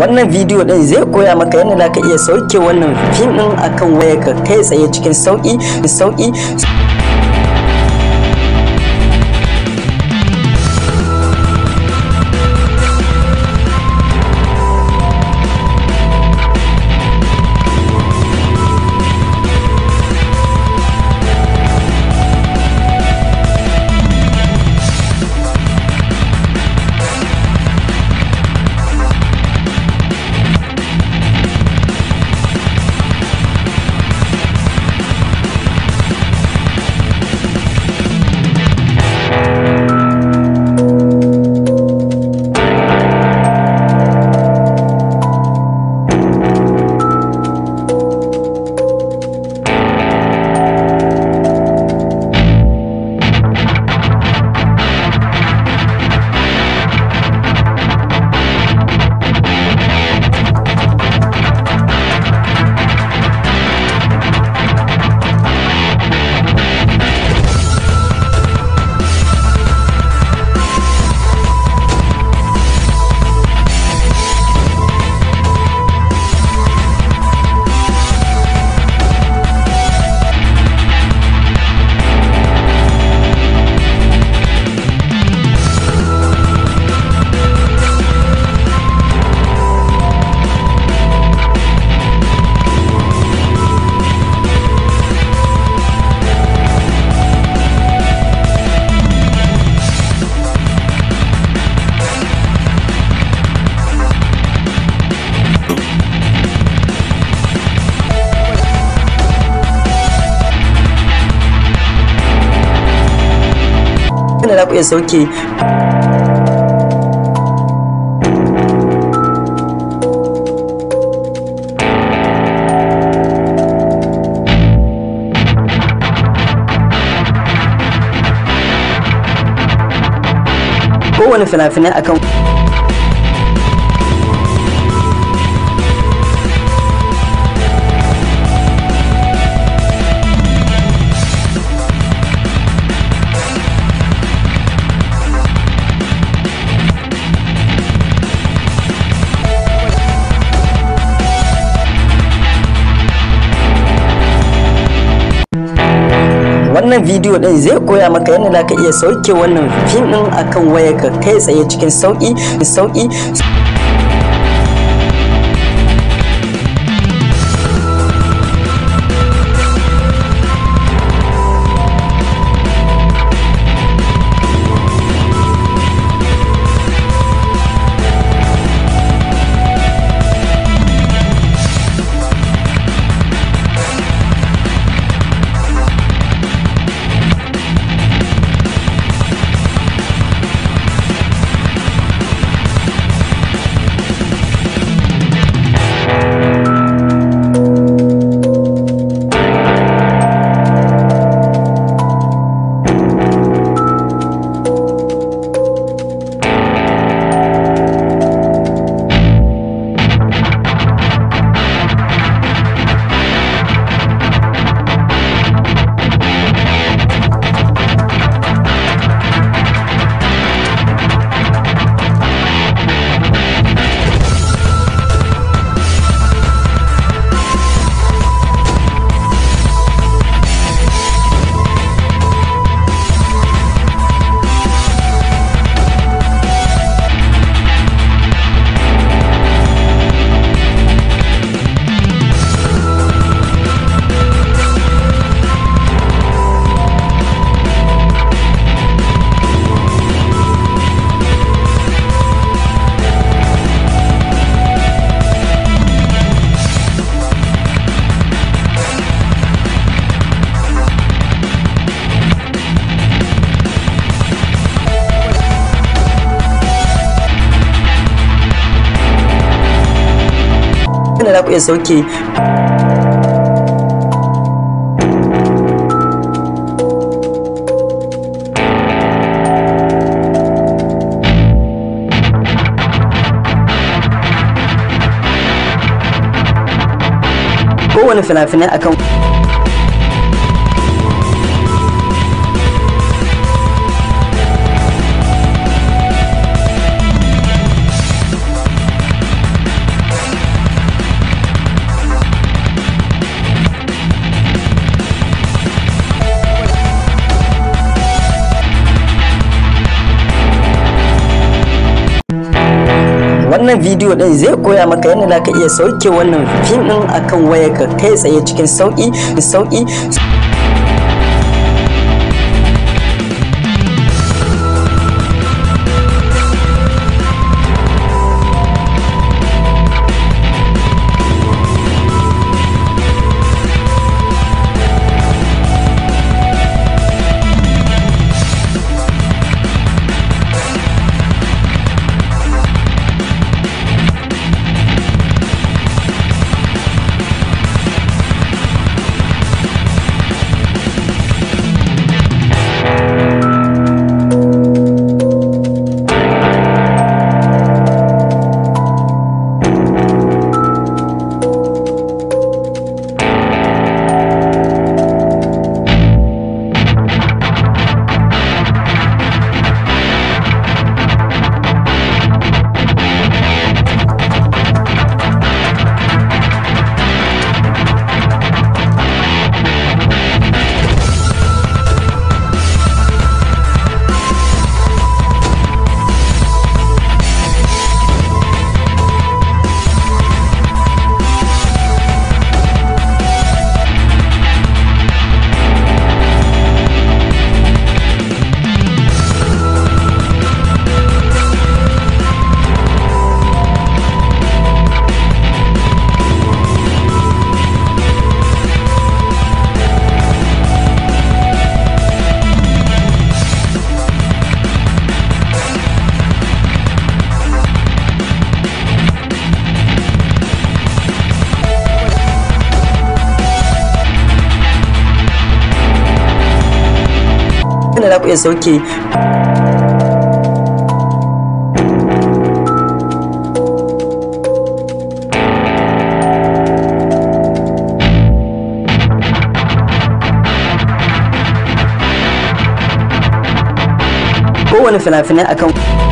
wannan bidiyo ɗin zai koya maka yadda za ka iya sauke wannan fim ɗin akan wayarka kai tsaye cikin sauƙi sauƙi za ku iya sauke kowane fina-finai akan wannan bidiyo din zai koya maka yadda zaka iya sauke wannan fim din akan wayarka kai tsaye cikin sauki sauki inda za ku iya sauke kowane fina-finai akan wannan bidiyo din zai koya maka yadda zaka iya sauke wannan fim din akan wayarka kai tsaye cikin sauki sauki abin da za ku iya sauke kowane fina-finai akan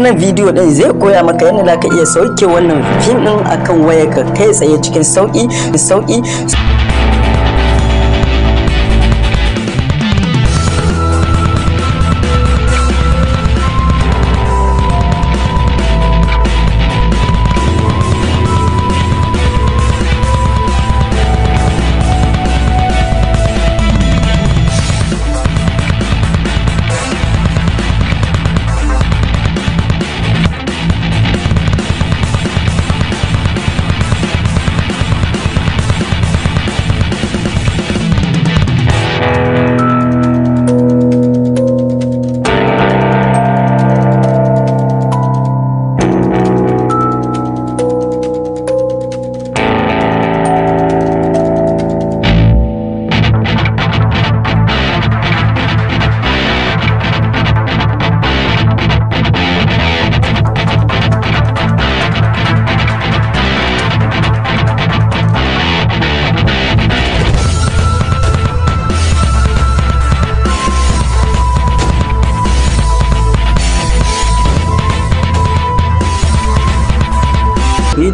wannan bidiyo din zai koya maka yadda zaka iya sauke wannan fim din akan wayarka kai tsaye cikin sauki sauki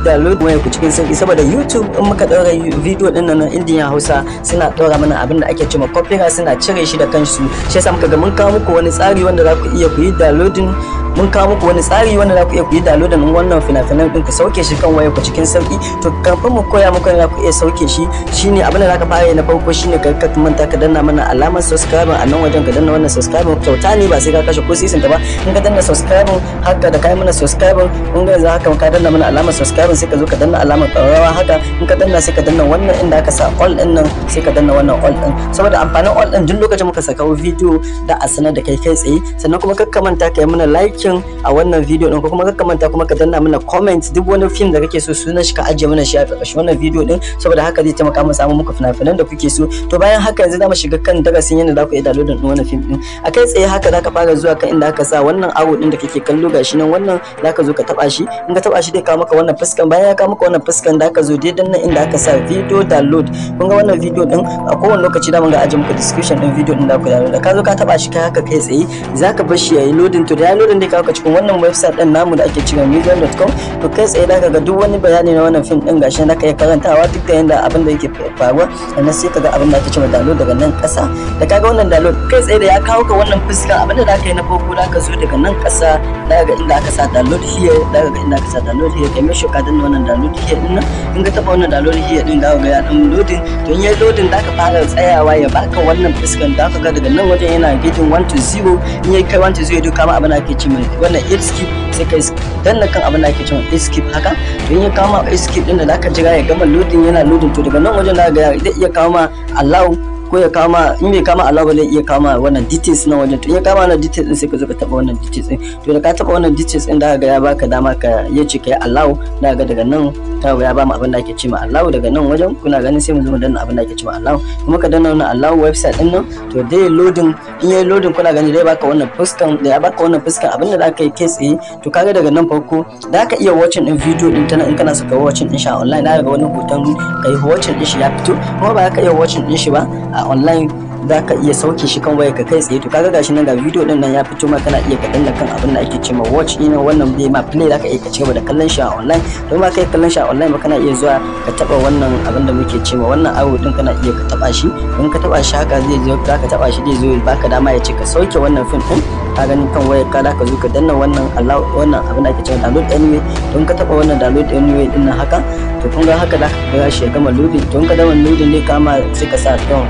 download logo ku cikin sauki saboda YouTube in muka ɗora video ɗin nan indiya Hausa suna ɗora mana abin da ake cewa copyright suna cire shi da kansu shi yasa muka ga mun kawo muku wani tsari wanda za ku iya ku yi downloading mun kawo muku wani tsari wanda za ku iya yi downloading din wannan fina-finan din ku sauke shi kan wayar ku cikin sauki to kafin mu koya muku yadda za ku iya sauke shi shine abin da za ka fara na farko shine ka ka manta ka danna mana alamar subscribe a nan wajen ka danna wannan subscribe kyauta ne ba sai ka kashe ko sisin ta ba in ka danna subscribe haka da kai mana subscribe in ga yanzu haka ka danna mana alamar subscribe sai ka zo ka danna alamar ƙararrawa haka in ka danna sai ka danna wannan inda aka sa all din nan sai ka danna wannan all din saboda amfanin all din duk lokacin muka saka video da a sanar da kai kai tsaye sannan kuma kakka manta ka yi mana like watching a wannan video din ko kuma ka manta kuma ka danna mana comment duk wani film da kake so sunan shi ka ajiye mana shi a ƙarshen wannan video din saboda haka zai taimaka mu samu muku fina-finan da kuke so to bayan haka yanzu za mu shiga kan darasin yadda za ku yi downloading din wannan film din a kai tsaye haka za ka fara zuwa kan inda aka sa wannan aro din da kake kallo gashi nan wannan za ka zo ka taba shi in ka taba shi zai kawo maka wannan fuskan bayan ya kawo maka wannan fuskan da aka zo dai danna inda aka sa video download kun ga wannan video din a kowane lokaci da mun ga ajiye muku description din video din da ku download ka zo ka taba shi kai haka kai tsaye za ka bar shi yayi loading to da ya loading dai kawo ka cikin wannan website din namu da ake cewa medium.com to kai tsaye da ga duk wani bayani na wannan film din gashi na iya karantawa duk da yanda abin da yake faruwa sannan sai ka ga abin da ake cewa download daga nan ƙasa da kaga wannan download kai tsaye da ya kawo ka wannan fuska abin da za ka yi na farko ka zo daga nan ƙasa da ga inda aka sa download here da ga inda aka sa download here kai mai shoka ka wannan download here din nan in ka taba wannan download here din zaka ga ya dan loading to in ya loading ka fara tsayawa ya baka wannan fuskan ka ga daga nan wajen yana gidin 1 to 0 in ya kai 1 to 0 duka ma abin da ake cewa wannan escape sai ka danna kan abin da ake cewa escape haka don ya kama escape din da zaka jira ya gama loading yana loading to daga nan wajen da ga zai iya kama allow ko ya kama in bai kama allow ba zai iya kama wannan details na wajen to in ya kama wannan details din sai ka zo ka taba wannan details din to da ka taba wannan details din da ga ya baka dama ka yace ka yi allow da ga daga nan ta ya ba mu abin da ake ce ma allow daga nan wajen kuna ganin sai mu zo mu danna abin da ake ce ma allow kuma ka danna wannan allow website din nan to dai loading in yayi loading kuna gani da ya baka wannan fuskan da ya baka wannan fuskan abinda zaka yi kai tsaye to kaga daga nan farko zaka iya watching din video din tana in kana saka ka watching din shi a online da ga wani hoton kai watching din shi ya fito kuma ba zaka iya watching din shi ba a online za ka iya sauke shi kan waya ka kai tsaye to kaga gashi nan ga bidiyo din nan ya fito ma kana iya ka danna kan abin da ake cewa watch ina wannan bai ma play za ka iya ka cigaba da kallon shi a online don ma kai kallon shi a online ba kana iya zuwa ka taba wannan abin da muke cewa wannan awo din kana iya ka taba shi in ka taba shi haka zai zo za ka taba shi zai zo ya baka dama ya ce ka sauke wannan film din ka gani kan waya ka ka zo ka danna wannan allah wannan abin da ake cewa download anyway don ka taba wannan download anyway din nan haka to kun ga haka za ka ga shi ya gama loading don ka gama loading ne kama sai ka sa down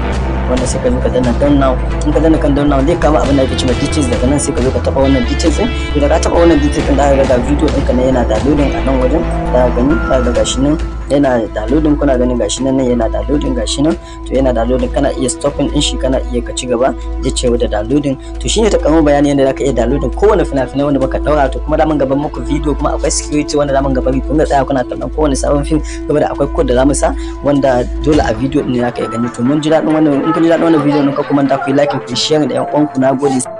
wanda suka zo ka danna down now in ka danna kan down now zai kama abin da ake cewa details daga nan sai ka zo ka taba wannan details din idan ka taba wannan details din da ga video ɗinka ne yana da downloading a nan wajen da gani da ga shi nan yana downloading kuna ganin gashi nan yana downloading gashi nan to yana downloading kana iya stopping din shi kana iya ka ci gaba ya ce da downloading to shine ta kamo bayani yadda zaka iya downloading kowane fina fina wanda baka daura to kuma daman gaban muku video kuma akwai security wanda daman gaban ku ga tsaya kuna kallon kowane sabon film da akwai code da zamu sa wanda dole a video din zaka iya gani to mun ji dadin wannan in kun ji dadin wannan video ne ka kuma da ku like ku share da yan uwanku nagode